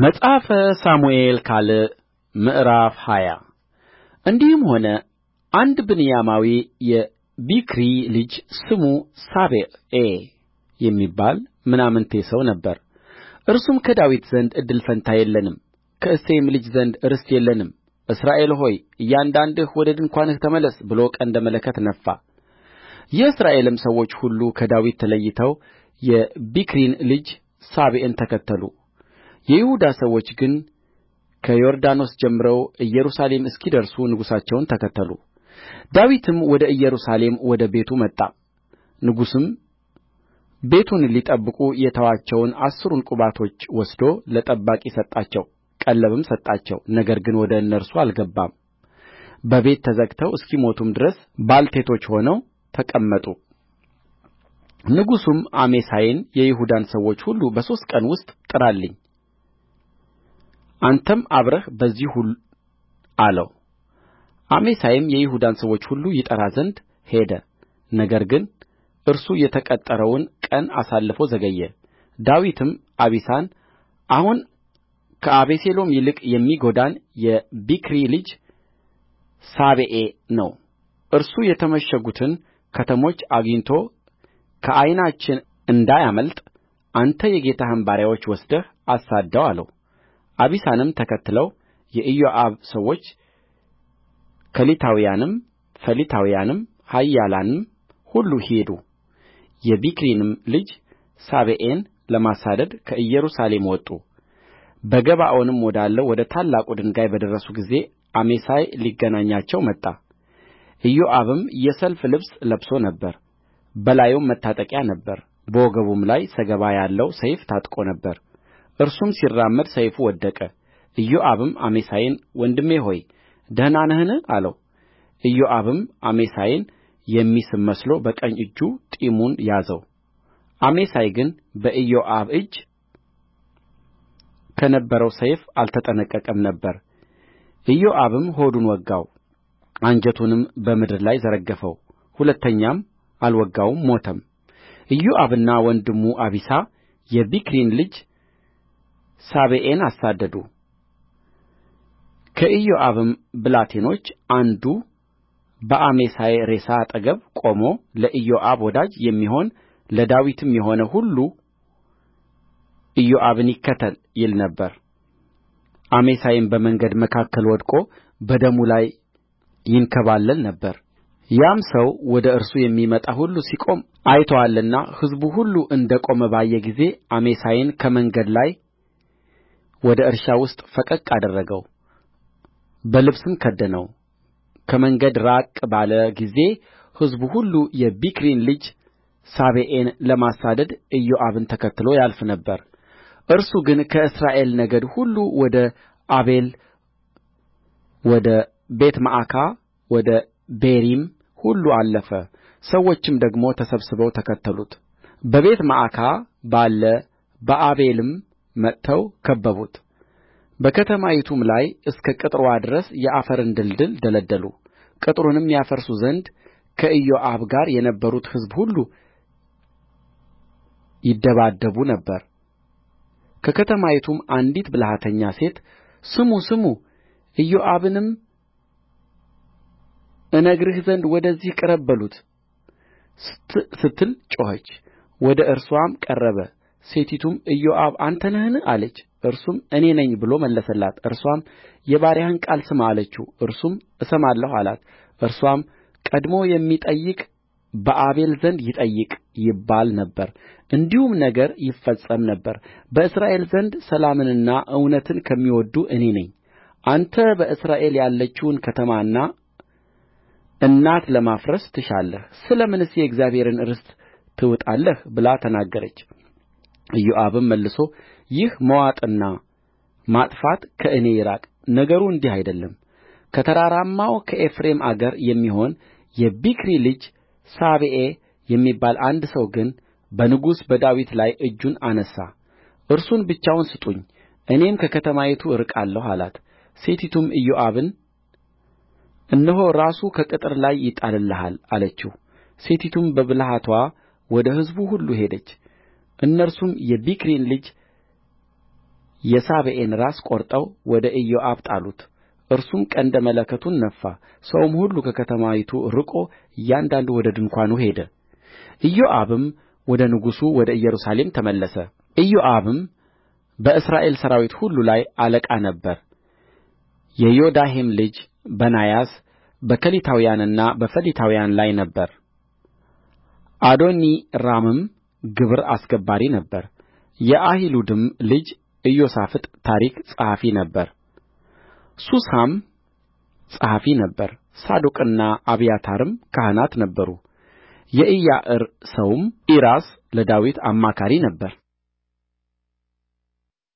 መጽሐፈ ሳሙኤል ካል ምዕራፍ ሃያ እንዲህም ሆነ አንድ ብንያማዊ የቢክሪ ልጅ ስሙ ሳቤዔ የሚባል ምናምንቴ ሰው ነበር። እርሱም ከዳዊት ዘንድ እድል ፈንታ የለንም፣ ከእሴይም ልጅ ዘንድ ርስት የለንም፣ እስራኤል ሆይ እያንዳንድህ ወደ ድንኳንህ ተመለስ ብሎ ቀንደ መለከት ነፋ። የእስራኤልም ሰዎች ሁሉ ከዳዊት ተለይተው የቢክሪን ልጅ ሳቤዔን ተከተሉ። የይሁዳ ሰዎች ግን ከዮርዳኖስ ጀምረው ኢየሩሳሌም እስኪደርሱ ንጉሣቸውን ተከተሉ ዳዊትም ወደ ኢየሩሳሌም ወደ ቤቱ መጣ ንጉሡም ቤቱን ሊጠብቁ የተዋቸውን አሥሩን ቁባቶች ወስዶ ለጠባቂ ሰጣቸው ቀለብም ሰጣቸው ነገር ግን ወደ እነርሱ አልገባም በቤት ተዘግተው እስኪሞቱም ድረስ ባልቴቶች ሆነው ተቀመጡ ንጉሡም አሜሳይን የይሁዳን ሰዎች ሁሉ በሦስት ቀን ውስጥ ጥራልኝ አንተም አብረህ በዚህ ሁን አለው አሜሳይም የይሁዳን ሰዎች ሁሉ ይጠራ ዘንድ ሄደ ነገር ግን እርሱ የተቀጠረውን ቀን አሳልፎ ዘገየ ዳዊትም አቢሳን አሁን ከአቤሴሎም ይልቅ የሚጐዳን የቢክሪ ልጅ ሳቤዔ ነው እርሱ የተመሸጉትን ከተሞች አግኝቶ ከዓይናችን እንዳያመልጥ አንተ የጌታህን ባሪያዎች ወስደህ አሳድደው አለው አቢሳንም ተከትለው የኢዮአብ ሰዎች ከሊታውያንም ፈሊታውያንም ኃያላንም ሁሉ ሄዱ የቢክሪንም ልጅ ሳቤዔን ለማሳደድ ከኢየሩሳሌም ወጡ በገባዖንም ወዳለው ወደ ታላቁ ድንጋይ በደረሱ ጊዜ አሜሳይ ሊገናኛቸው መጣ ኢዮአብም የሰልፍ ልብስ ለብሶ ነበር በላዩም መታጠቂያ ነበር በወገቡም ላይ ሰገባ ያለው ሰይፍ ታጥቆ ነበር እርሱም ሲራመድ ሰይፉ ወደቀ ኢዮአብም አሜሳይን ወንድሜ ሆይ ደህና ነህን አለው ኢዮአብም አሜሳይን የሚስም መስሎ በቀኝ እጁ ጢሙን ያዘው አሜሳይ ግን በኢዮአብ እጅ ከነበረው ሰይፍ አልተጠነቀቀም ነበር ኢዮአብም ሆዱን ወጋው አንጀቱንም በምድር ላይ ዘረገፈው ሁለተኛም አልወጋውም ሞተም ኢዮአብና ወንድሙ አቢሳ የቢክሪን ልጅ ሳቤዔን አሳደዱ ከኢዮአብም ብላቴኖች አንዱ በአሜሳይ ሬሳ አጠገብ ቆሞ ለኢዮአብ ወዳጅ የሚሆን ለዳዊትም የሆነ ሁሉ ኢዮአብን ይከተል ይል ነበር። አሜሳይም በመንገድ መካከል ወድቆ በደሙ ላይ ይንከባለል ነበር። ያም ሰው ወደ እርሱ የሚመጣ ሁሉ ሲቆም አይቶአልና ሕዝቡ ሁሉ እንደ ቆመ ባየ ጊዜ አሜሳይን ከመንገድ ላይ ወደ እርሻ ውስጥ ፈቀቅ አደረገው በልብስም ከደነው ከመንገድ ራቅ ባለ ጊዜ ሕዝቡ ሁሉ የቢክሪን ልጅ ሳቤዔን ለማሳደድ ኢዮአብን ተከትሎ ያልፍ ነበር እርሱ ግን ከእስራኤል ነገድ ሁሉ ወደ አቤል ወደ ቤትመዓካ ወደ ቤሪም ሁሉ አለፈ ሰዎችም ደግሞ ተሰብስበው ተከተሉት በቤትመዓካ ባለ በአቤልም መጥተው ከበቡት በከተማይቱም ላይ እስከ ቅጥርዋ ድረስ የአፈርን ድልድል ደለደሉ ቅጥሩንም ያፈርሱ ዘንድ ከኢዮአብ ጋር የነበሩት ሕዝብ ሁሉ ይደባደቡ ነበር ከከተማይቱም አንዲት ብልሃተኛ ሴት ስሙ ስሙ ኢዮአብንም እነግርህ ዘንድ ወደዚህ ቅረብ በሉት ስትል ጮኸች ወደ እርሷም ቀረበ ሴቲቱም ኢዮአብ አንተ ነህን አለች እርሱም እኔ ነኝ ብሎ መለሰላት እርስዋም የባሪያህን ቃል ስማ አለችው እርሱም እሰማለሁ አላት እርስዋም ቀድሞ የሚጠይቅ በአቤል ዘንድ ይጠይቅ ይባል ነበር እንዲሁም ነገር ይፈጸም ነበር በእስራኤል ዘንድ ሰላምንና እውነትን ከሚወድዱ እኔ ነኝ አንተ በእስራኤል ያለችውን ከተማና እናት ለማፍረስ ትሻለህ ስለ ምንስ የእግዚአብሔርን ርስት ትውጣለህ ብላ ተናገረች ኢዮአብም መልሶ ይህ መዋጥና ማጥፋት ከእኔ ይራቅ ነገሩ እንዲህ አይደለም ከተራራማው ከኤፍሬም አገር የሚሆን የቢክሪ ልጅ ሳቤዔ የሚባል አንድ ሰው ግን በንጉሡ በዳዊት ላይ እጁን አነሣ እርሱን ብቻውን ስጡኝ እኔም ከከተማይቱ እርቃለሁ አላት ሴቲቱም ኢዮአብን እነሆ ራሱ ከቅጥር ላይ ይጣልልሃል አለችው ሴቲቱም በብልሃትዋ ወደ ሕዝቡ ሁሉ ሄደች እነርሱም የቢክሪን ልጅ የሳቤዔን ራስ ቈርጠው ወደ ኢዮአብ ጣሉት እርሱም ቀንደ መለከቱን ነፋ ሰውም ሁሉ ከከተማይቱ ርቆ እያንዳንዱ ወደ ድንኳኑ ሄደ ኢዮአብም ወደ ንጉሡ ወደ ኢየሩሳሌም ተመለሰ ኢዮአብም በእስራኤል ሠራዊት ሁሉ ላይ አለቃ ነበረ የዮዳሄም ልጅ በናያስ በከሊታውያንና በፈሊታውያን ላይ ነበረ አዶኒራምም ግብር አስገባሪ ነበረ የአሒሉድም ልጅ ኢዮሣፍጥ ታሪክ ጸሐፊ ነበረ ሱሳም ጸሐፊ ነበረ ሳዶቅና አብያታርም ካህናት ነበሩ የኢያዕር ሰውም ዒራስ ለዳዊት አማካሪ ነበረ